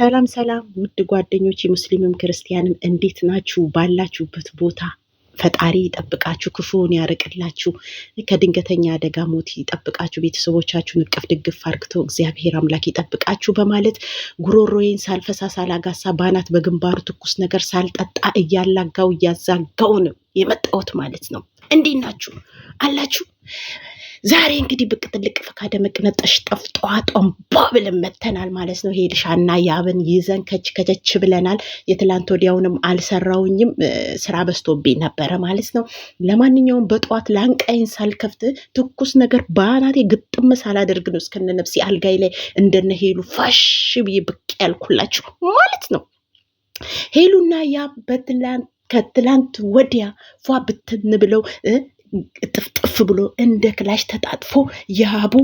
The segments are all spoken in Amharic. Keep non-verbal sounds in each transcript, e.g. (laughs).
ሰላም ሰላም ውድ ጓደኞች የሙስሊምም ክርስቲያንም እንዴት ናችሁ? ባላችሁበት ቦታ ፈጣሪ ይጠብቃችሁ፣ ክፉውን ያርቅላችሁ፣ ከድንገተኛ አደጋ ሞት ይጠብቃችሁ፣ ቤተሰቦቻችሁን እቅፍ ድግፍ አርግቶ እግዚአብሔር አምላክ ይጠብቃችሁ በማለት ጉሮሮዬን ሳልፈሳ ሳላጋሳ ባናት በግንባሩ ትኩስ ነገር ሳልጠጣ እያላጋው እያዛጋው ነው የመጣሁት ማለት ነው። እንዴት ናችሁ አላችሁ? ዛሬ እንግዲህ ብቅ ትልቅ ፈካደ መቅነጠሽ ጠፍጧ ጦምቧ ብለን መተናል ማለት ነው። ሄልሻ እና ያብን ይዘን ከች ከቸች ብለናል። የትላንት ወዲያውንም አልሰራውኝም ስራ በዝቶብኝ ነበረ ማለት ነው። ለማንኛውም በጠዋት ላንቃይን ሳልከፍት ትኩስ ነገር በአናቴ ግጥም ሳላደርግ ነው እስከነ ነፍሴ አልጋይ ላይ እንደነሄሉ ፋሽ ብዬ ብቅ ያልኩላችሁ ማለት ነው። ሄሉና ያ በትላንት ከትላንት ወዲያ ፏ ብትን ብለው ጥፍጥፍ ብሎ እንደ ክላሽ ተጣጥፎ ያቡ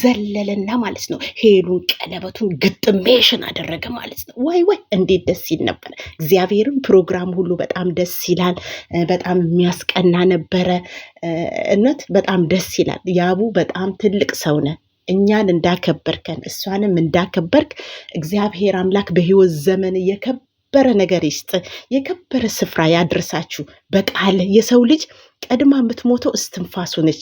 ዘለለና ማለት ነው። ሄሉን ቀለበቱን ግጥሜሽን አደረገ ማለት ነው። ወይ ወይ እንዴት ደስ ሲል ነበረ። እግዚአብሔርም ፕሮግራም ሁሉ በጣም ደስ ይላል። በጣም የሚያስቀና ነበረ። እውነት በጣም ደስ ይላል። ያቡ በጣም ትልቅ ሰው ነ እኛን እንዳከበርከን እሷንም እንዳከበርክ እግዚአብሔር አምላክ በህይወት ዘመን የከበረ ነገር ይስጥ፣ የከበረ ስፍራ ያድርሳችሁ። በቃል የሰው ልጅ ቀድማ የምትሞተው እስትንፋሱ ነች።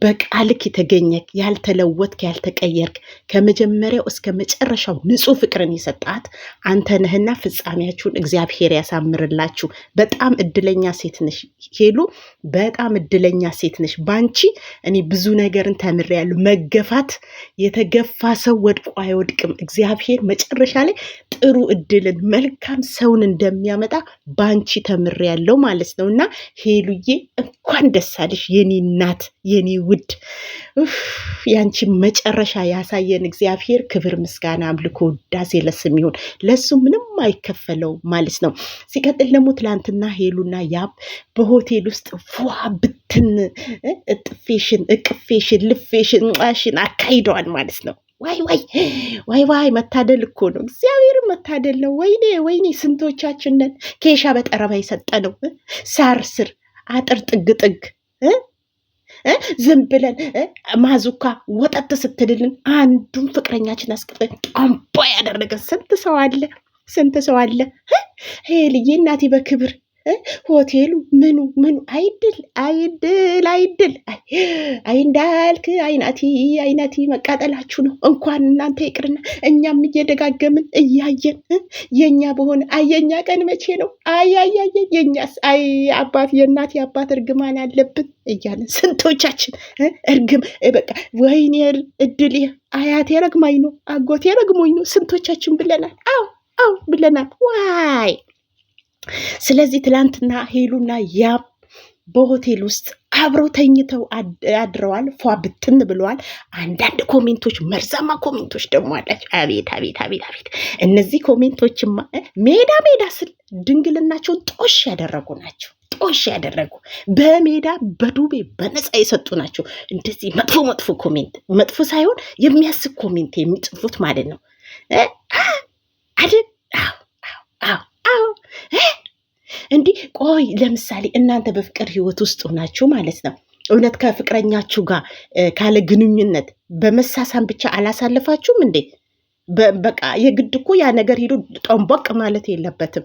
በቃልክ የተገኘ ያልተለወጥክ፣ ያልተቀየርክ ከመጀመሪያው እስከ መጨረሻው ንጹህ ፍቅርን የሰጣት አንተ ነህና ፍጻሜያችሁን እግዚአብሔር ያሳምርላችሁ። በጣም እድለኛ ሴት ነሽ ሄሉ፣ በጣም እድለኛ ሴት ነሽ። ባንቺ እኔ ብዙ ነገርን ተምሬያለሁ። መገፋት የተገፋ ሰው ወድቆ አይወድቅም። እግዚአብሔር መጨረሻ ላይ ጥሩ እድልን መልካም ሰውን እንደሚያመጣ ባንቺ ተምሬያለሁ ማለት ነው እና ሄሉዬ እንኳን ደስ አለሽ የኔ እናት የኔ ውድ። ያንቺ መጨረሻ ያሳየን እግዚአብሔር። ክብር ምስጋና፣ አምልኮ፣ ውዳሴ ለስም ይሁን። ለሱ ምንም አይከፈለው ማለት ነው። ሲቀጥል ደግሞ ትላንትና ሄሉና ያብ በሆቴል ውስጥ ፏ ብትን እጥፌሽን፣ እቅፌሽን፣ ልፌሽን፣ ጫሽን አካሂደዋል ማለት ነው። ዋይ ዋይ ዋይ ዋይ መታደል እኮ ነው። እግዚአብሔር መታደል ነው። ወይኔ ወይኔ፣ ስንቶቻችንን ኬሻ በጠረባ የሰጠነው ሳር ስር አጥር ጥግ ጥግ ዝም ብለን ማዙካ ወጠት ስትልልን አንዱን ፍቅረኛችን አስቀጠ ቆምቦ ያደረገን ስንት ሰው አለ፣ ስንት ሰው አለ። ሄልዬ እናቴ በክብር ሆቴሉ ምኑ ምኑ አይድል አይድል አይድል አይ እንዳልክ አይናቲ አይናቲ መቃጠላችሁ ነው። እንኳን እናንተ ይቅርና እኛም እየደጋገምን እያየን የኛ በሆነ አየኛ ቀን መቼ ነው? አያያየ የእኛስ አይ አይ አባት የእናት አባት እርግማን አለብን እያለን ስንቶቻችን እርግም በቃ ወይኔ እድል አያቴ ረግማኝ ነው አጎቴ ረግሞኝ ነው ስንቶቻችን ብለናል። አው አው ብለናል ዋይ ስለዚህ ትላንትና ሄሉና ያም በሆቴል ውስጥ አብረው ተኝተው አድረዋል። ፏ ብትን ብለዋል። አንዳንድ ኮሜንቶች፣ መርዛማ ኮሜንቶች ደግሞ አላቸው። አቤት አቤት አቤት አቤት! እነዚህ ኮሜንቶችማ ሜዳ ሜዳ ስል ድንግልናቸውን ጦሽ ያደረጉ ናቸው። ጦሽ ያደረጉ በሜዳ በዱቤ በነፃ የሰጡ ናቸው። እንደዚህ መጥፎ መጥፎ ኮሜንት፣ መጥፎ ሳይሆን የሚያስብ ኮሜንት የሚጽፉት ማለት ነው አይደል? አዎ አዎ አዎ እንዲህ ቆይ፣ ለምሳሌ እናንተ በፍቅር ህይወት ውስጥ ሆናችሁ ማለት ነው እውነት ከፍቅረኛችሁ ጋር ካለ ግንኙነት በመሳሳም ብቻ አላሳልፋችሁም እንዴ? በቃ የግድ እኮ ያ ነገር ሄዶ ጠንቦቅ ማለት የለበትም።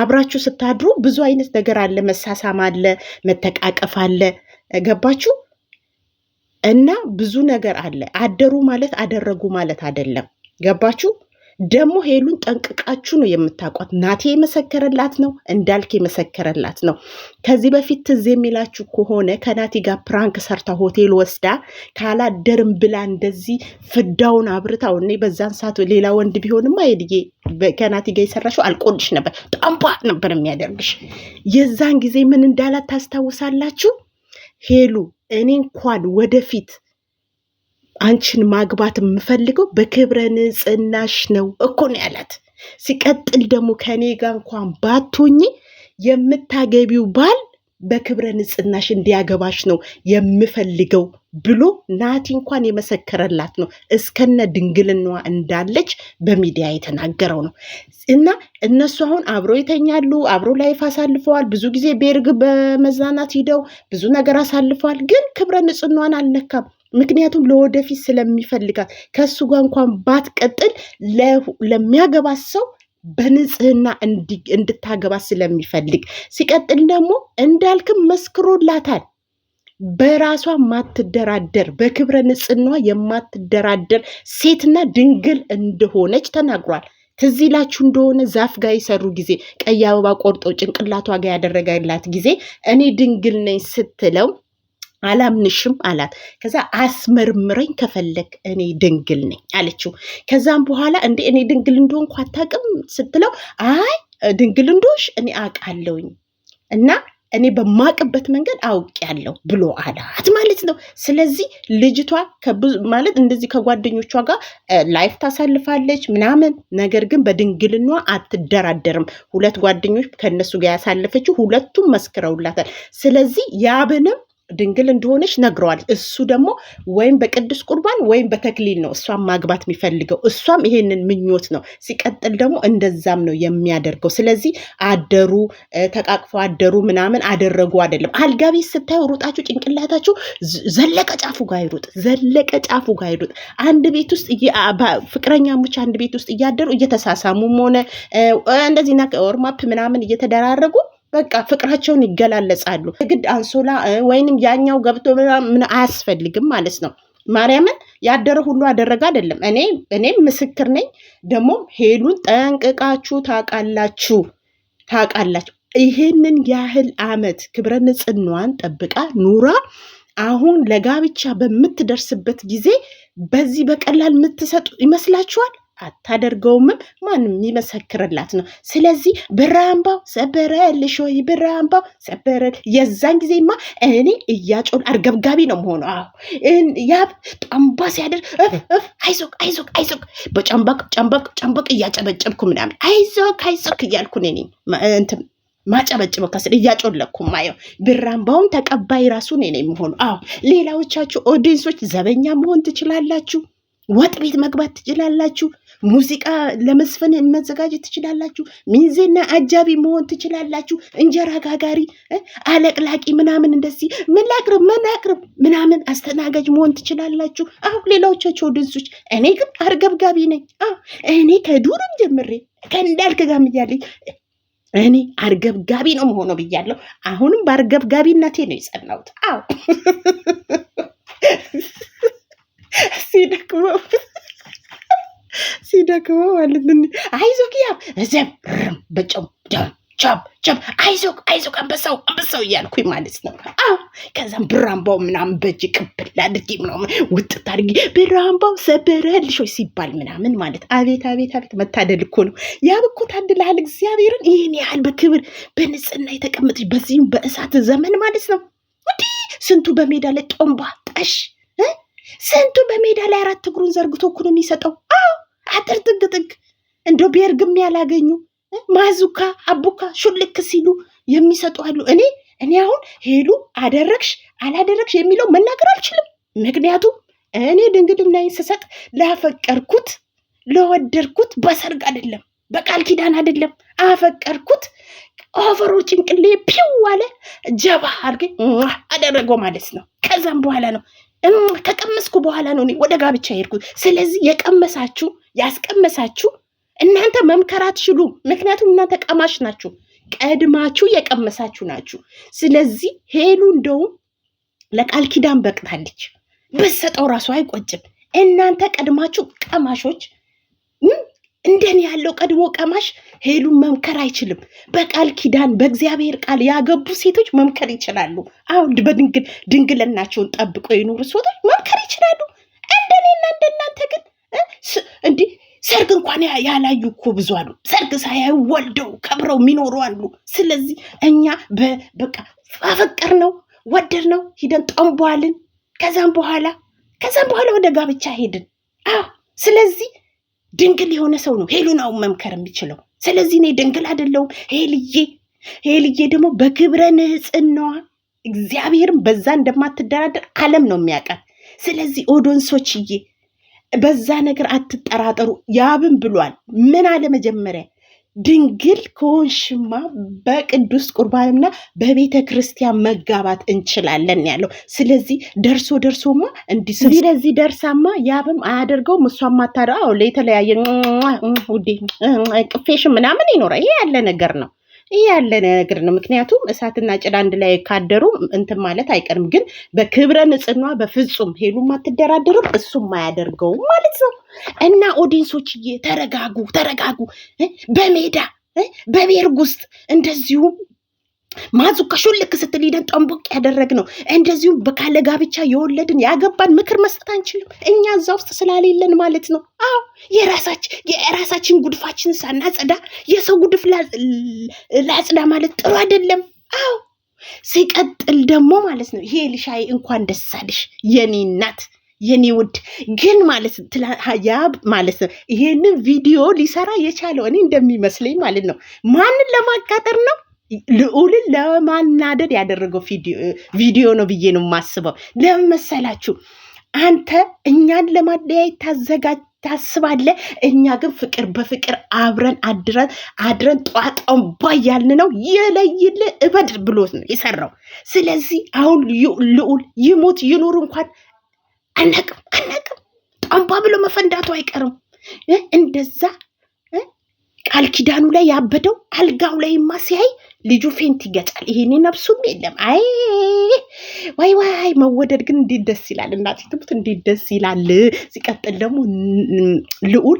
አብራችሁ ስታድሩ ብዙ አይነት ነገር አለ፣ መሳሳም አለ፣ መተቃቀፍ አለ። ገባችሁ? እና ብዙ ነገር አለ። አደሩ ማለት አደረጉ ማለት አይደለም። ገባችሁ? ደግሞ ሄሉን ጠንቅቃችሁ ነው የምታውቋት። ናቴ የመሰከረላት ነው፣ እንዳልክ የመሰከረላት ነው። ከዚህ በፊት ትዝ የሚላችሁ ከሆነ ከናቲ ጋር ፕራንክ ሰርታ ሆቴል ወስዳ ካላደርም ብላ እንደዚህ ፍዳውን አብርታው እኔ በዛን ሰዓት ሌላ ወንድ ቢሆንማ ሄድዬ ከናቲ ጋር የሰራሽው አልቆልሽ ነበር፣ ጣምቧ ነበር የሚያደርግሽ። የዛን ጊዜ ምን እንዳላት ታስታውሳላችሁ? ሄሉ እኔ እንኳን ወደፊት አንቺን ማግባት የምፈልገው በክብረ ንጽህናሽ ነው እኮ ነው ያላት። ሲቀጥል ደግሞ ከኔ ጋር እንኳን ባቶኝ የምታገቢው ባል በክብረ ንጽህናሽ እንዲያገባሽ ነው የምፈልገው ብሎ ናቲ እንኳን የመሰከረላት ነው። እስከነ ድንግልናዋ እንዳለች በሚዲያ የተናገረው ነው። እና እነሱ አሁን አብሮ ይተኛሉ፣ አብሮ ላይፍ አሳልፈዋል። ብዙ ጊዜ ቤርግ በመዝናናት ሂደው ብዙ ነገር አሳልፈዋል። ግን ክብረ ንጽህናዋን አልነካም። ምክንያቱም ለወደፊት ስለሚፈልጋት ከእሱ ጋር እንኳን ባትቀጥል ለሚያገባት ሰው በንጽህና እንድታገባ ስለሚፈልግ፣ ሲቀጥል ደግሞ እንዳልክም መስክሮላታል። በራሷ ማትደራደር በክብረ ንጽህናዋ የማትደራደር ሴትና ድንግል እንደሆነች ተናግሯል። ትዝ ይላችሁ እንደሆነ ዛፍ ጋር የሰሩ ጊዜ ቀይ አበባ ቆርጦ ጭንቅላቷ ጋር ያደረገላት ጊዜ እኔ ድንግል ነኝ ስትለው አላምንሽም አላት። ከዛ አስመርምረኝ ከፈለግ እኔ ድንግል ነኝ አለችው። ከዛም በኋላ እንዴ እኔ ድንግል እንደሆንኩ አታውቅም ስትለው አይ ድንግል እንደሆንሽ እኔ አውቃለሁኝ እና እኔ በማቅበት መንገድ አውቄያለሁ ብሎ አላት ማለት ነው። ስለዚህ ልጅቷ ማለት እንደዚህ ከጓደኞቿ ጋር ላይፍ ታሳልፋለች ምናምን፣ ነገር ግን በድንግልኗ አትደራደርም። ሁለት ጓደኞች ከእነሱ ጋር ያሳለፈችው ሁለቱም መስክረውላታል። ስለዚህ ያብንም ድንግል እንደሆነች ነግረዋል እሱ ደግሞ ወይም በቅዱስ ቁርባን ወይም በተክሊል ነው እሷን ማግባት የሚፈልገው። እሷም ይሄንን ምኞት ነው። ሲቀጥል ደግሞ እንደዛም ነው የሚያደርገው። ስለዚህ አደሩ፣ ተቃቅፎ አደሩ፣ ምናምን አደረጉ አይደለም። አልጋ ቤት ስታዩ ሩጣችሁ ጭንቅላታችሁ ዘለቀ ጫፉ ጋር ይሩጥ፣ ዘለቀ ጫፉ ጋር ይሩጥ። አንድ ቤት ውስጥ ፍቅረኛሞች አንድ ቤት ውስጥ እያደሩ እየተሳሳሙም ሆነ እንደዚህ ኦርማፕ ምናምን እየተደራረጉ በቃ ፍቅራቸውን ይገላለጻሉ። ግድ አንሶላ ወይንም ያኛው ገብቶ ምን አያስፈልግም ማለት ነው። ማርያምን ያደረ ሁሉ አደረገ አይደለም። እኔ እኔም ምስክር ነኝ። ደግሞ ሄሉን ጠንቅቃችሁ ታውቃላችሁ ታውቃላችሁ። ይህንን ያህል አመት ክብረ ንጽህናዋን ጠብቃ ኑራ አሁን ለጋብቻ በምትደርስበት ጊዜ በዚህ በቀላል የምትሰጡ ይመስላችኋል? አታደርገውም። ማንም የሚመሰክርላት ነው። ስለዚህ ብራምባው ሰበረልሽ ወይ ብራምባው ሰበረ። የዛን ጊዜማ እኔ እያጮን አርገብጋቢ ነው መሆኑ። አዎ ያብ ጣምባ ሲያደር አይዞክ አይዞክ አይዞክ በጫምባቅ ጫምባቅ ጫምባቅ እያጨበጨብኩ ምናምን አይዞክ አይዞክ እያልኩ እኔ እንትን ማጨበጭበ ከስል እያጮለኩ ማየው ብራምባውን ተቀባይ ራሱን እኔ የምሆኑ። አዎ ሌላዎቻችሁ ኦዲንሶች ዘበኛ መሆን ትችላላችሁ። ወጥ ቤት መግባት ትችላላችሁ። ሙዚቃ ለመስፈን መዘጋጀት ትችላላችሁ። ሚዜና አጃቢ መሆን ትችላላችሁ። እንጀራ ጋጋሪ፣ አለቅላቂ ምናምን እንደዚህ ምን ላቅርብ ምን ላቅርብ ምናምን አስተናጋጅ መሆን ትችላላችሁ። አሁ ሌላዎቻቸው ድንሶች፣ እኔ ግን አርገብጋቢ ነኝ። እኔ ከዱርም ጀምሬ ከእንዳልክ ጋር እያለኝ እኔ አርገብጋቢ ነው መሆነው ብያለሁ። አሁንም በአርገብጋቢነቴ ነው የጸናሁት። አዎ (laughs) ሲደክመው (laughs) ሲደክመው ማለት አይዞክ ያ እዚያም በጨው ዳም ቻብ ቻብ አይዞክ አይዞክ አንበሳው አንበሳው እያልኩኝ ማለት ነው። አዎ ከዛም ብራምባው ምናምን በእጅ ቅብል አድርጌ ምናምን ውጥት አድርጌ ብራምባው ሰበረልሽ ወይ ሲባል ምናምን ማለት አቤት አቤት አቤት መታደል እኮ ነው። ያብ እኮ ታድልሃል እግዚአብሔርን ይህን ያህል በክብር በንጽህና የተቀመጠች በዚህም በእሳት ዘመን ማለት ነው። እንዲህ ስንቱ በሜዳ ላይ ጦምባ ጠሽ ስንቱ በሜዳ ላይ አራት እግሩን ዘርግቶ እኮ ነው የሚሰጠው። አዎ አጥር ጥግ ጥግ እንደው ቤርግም ያላገኙ ማዙካ አቡካ ሹልክ ሲሉ የሚሰጡ አሉ። እኔ እኔ አሁን ሄሉ አደረግሽ አላደረግሽ የሚለው መናገር አልችልም። ምክንያቱም እኔ ድንግልና ስሰጥ ላፈቀርኩት ለወደድኩት በሰርግ አይደለም። በቃል ኪዳን አይደለም አፈቀርኩት። ኦቨሮ ጭንቅሌ ፒው አለ። ጀባ አድርጌ አደረገው ማለት ነው። ከዛም በኋላ ነው ከቀመስኩ በኋላ ነው ወደ ጋብቻ ሄድኩት። ስለዚህ የቀመሳችሁ ያስቀመሳችሁ እናንተ መምከር አትችሉም። ምክንያቱም እናንተ ቀማሽ ናችሁ፣ ቀድማችሁ የቀመሳችሁ ናችሁ። ስለዚህ ሄሉ እንደውም ለቃል ኪዳን በቅታለች። ብትሰጠው ራሱ አይቆጭም። እናንተ ቀድማችሁ ቀማሾች እንደኔ ያለው ቀድሞ ቀማሽ ሄሉን መምከር አይችልም። በቃል ኪዳን በእግዚአብሔር ቃል ያገቡ ሴቶች መምከር ይችላሉ። አሁን በድንግል ድንግልናቸውን ጠብቀው የኖሩ ሴቶች መምከር ይችላሉ። እንደኔና እንደናንተ ግን እንዲህ ሰርግ እንኳን ያላዩ እኮ ብዙ አሉ። ሰርግ ሳያዩ ወልደው ከብረው የሚኖሩ አሉ። ስለዚህ እኛ በቃ አፈቀር ነው ወደር ነው ሂደን ጠንቧልን። ከዛም በኋላ ከዛም በኋላ ወደ ጋብቻ ሄድን። አዎ ስለዚህ ድንግል የሆነ ሰው ነው አሁን መምከር የሚችለው። ስለዚህ እኔ ድንግል አይደለሁም። ሄልዬ ሄልዬ ደግሞ በክብረ ንጽሕናዋ እግዚአብሔርም በዛ እንደማትደራደር ዓለም ነው የሚያውቃል። ስለዚህ ኦዶንሶችዬ በዛ ነገር አትጠራጠሩ። ያብን ብሏል። ምን አለ መጀመሪያ ድንግል ከሆንሽማ በቅዱስ ቁርባንና በቤተ ክርስቲያን መጋባት እንችላለን ያለው። ስለዚህ ደርሶ ደርሶማ እንዲህ ስለዚህ ደርሳማ ያብም አያደርገውም እሷም አታደ የተለያየ ውዴ ቅፌሽ ምናምን ይኖረ ይሄ ያለ ነገር ነው። ያለ ነገር ነው። ምክንያቱም እሳትና ጭድ አንድ ላይ ካደሩ እንትን ማለት አይቀርም። ግን በክብረ ንጽህኗ በፍጹም ሄሉም አትደራደርም፣ እሱም አያደርገውም ማለት ነው። እና ኦዲንሶችዬ ተረጋጉ፣ ተረጋጉ። በሜዳ በቤርግ ውስጥ እንደዚሁም ማዙ ከሹልክ ስትል ሂደን ጠንቦቅ ያደረግነው እንደዚሁም በካለ ጋብቻ የወለድን ያገባን ምክር መስጠት አንችልም። እኛ እዛ ውስጥ ስላሌለን ማለት ነው። አዎ የራሳችን የራሳችን ጉድፋችን ሳናጸዳ የሰው ጉድፍ ላጽዳ ማለት ጥሩ አይደለም። አዎ ሲቀጥል ደግሞ ማለት ነው ይሄ ልሻይ እንኳን ደስ አለሽ የኔ እናት የኔ ውድ ግን ማለት ያ ማለት ነው ይሄንን ቪዲዮ ሊሰራ የቻለው እኔ እንደሚመስለኝ ማለት ነው ማንን ለማቃጠር ነው? ልዑልን ለማናደድ ያደረገው ቪዲዮ ነው ብዬ ነው የማስበው። ለምን መሰላችሁ? አንተ እኛን ለማለያየት ታዘጋጅ ታስባለ እኛ ግን ፍቅር በፍቅር አብረን አድረን አድረን ጧጧን ባያልን ነው የለይል እበድ ብሎት ነው የሰራው። ስለዚህ አሁን ልዑል ይሞት ይኑር እንኳን አነቅም አነቅም ጧንቧ ብሎ መፈንዳቱ አይቀርም። እንደዛ ቃል ኪዳኑ ላይ ያበደው አልጋው ላይማ ሲያይ ልጁ ፌንት ይገጫል። ይሄኔ ነፍሱም የለም። አይ ዋይ ዋይ! መወደድ ግን እንዴት ደስ ይላል! እናቴ ትሙት እንዴት ደስ ይላል! ሲቀጥል ደግሞ ልዑል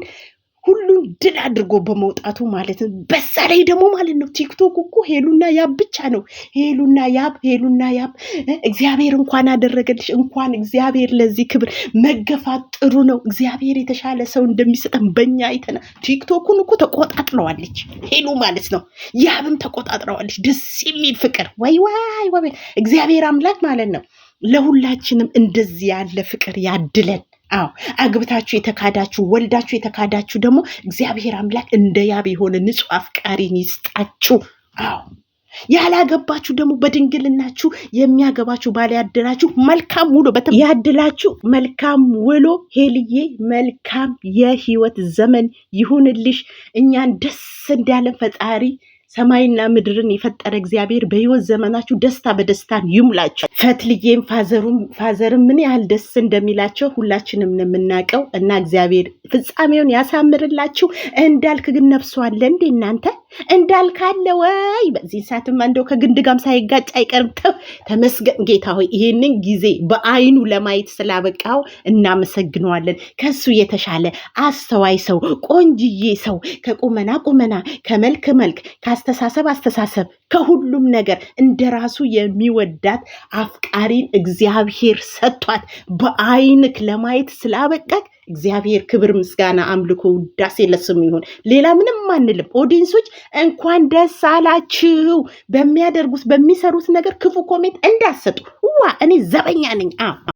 ሁሉን ድል አድርጎ በመውጣቱ ማለት ነው። በዛ ላይ ደግሞ ማለት ነው ቲክቶክ እኮ ሄሉና ያብ ብቻ ነው። ሄሉና ያብ፣ ሄሉና ያብ። እግዚአብሔር እንኳን አደረገልሽ፣ እንኳን እግዚአብሔር ለዚህ ክብር። መገፋት ጥሩ ነው። እግዚአብሔር የተሻለ ሰው እንደሚሰጠን በኛ አይተና ቲክቶኩን እኮ ተቆጣጥረዋለች ሄሉ ማለት ነው። ያብም ተቆጣጥረዋለች። ደስ የሚል ፍቅር ወይ ወይ ወይ! እግዚአብሔር አምላክ ማለት ነው ለሁላችንም እንደዚህ ያለ ፍቅር ያድለን። አዎ አግብታችሁ የተካዳችሁ ወልዳችሁ የተካዳችሁ ደግሞ እግዚአብሔር አምላክ እንደ ያብ የሆነ ንጹሕ አፍቃሪን ይስጣችሁ። አዎ ያላገባችሁ ደግሞ በድንግልናችሁ የሚያገባችሁ ባል ያድላችሁ። መልካም ውሎ ያድላችሁ። መልካም ውሎ። ሄልዬ መልካም የህይወት ዘመን ይሁንልሽ። እኛን ደስ እንዳለን ፈጣሪ ሰማይና ምድርን የፈጠረ እግዚአብሔር በህይወት ዘመናችሁ ደስታ በደስታን ይሙላቸው። ፈትልዬም ፋዘርም ምን ያህል ደስ እንደሚላቸው ሁላችንም የምናቀው የምናውቀው እና እግዚአብሔር ፍጻሜውን ያሳምርላችሁ። እንዳልክ ግን ነፍሷ አለ እንዴ እናንተ እንዳልካለ ወይ በዚህ ሰዓትማ እንደው ከግንድ ጋም ሳይጋጭ አይቀርም። ተመስገን ጌታ ሆይ ይህንን ጊዜ በአይኑ ለማየት ስላበቃው እናመሰግነዋለን። ከሱ የተሻለ አስተዋይ ሰው፣ ቆንጅዬ ሰው ከቁመና ቁመና፣ ከመልክ መልክ፣ ከአስተሳሰብ አስተሳሰብ፣ ከሁሉም ነገር እንደ ራሱ የሚወዳት አፍቃሪን እግዚአብሔር ሰጥቷት በአይንክ ለማየት ስላበቃት እግዚአብሔር ክብር፣ ምስጋና፣ አምልኮ፣ ውዳሴ ለስሙ ይሁን። ሌላ ምንም አንልም። ኦዲንሶች እንኳን ደስ አላችሁ። በሚያደርጉት በሚሰሩት ነገር ክፉ ኮሜንት እንዳሰጡ ዋ እኔ ዘበኛ ነኝ።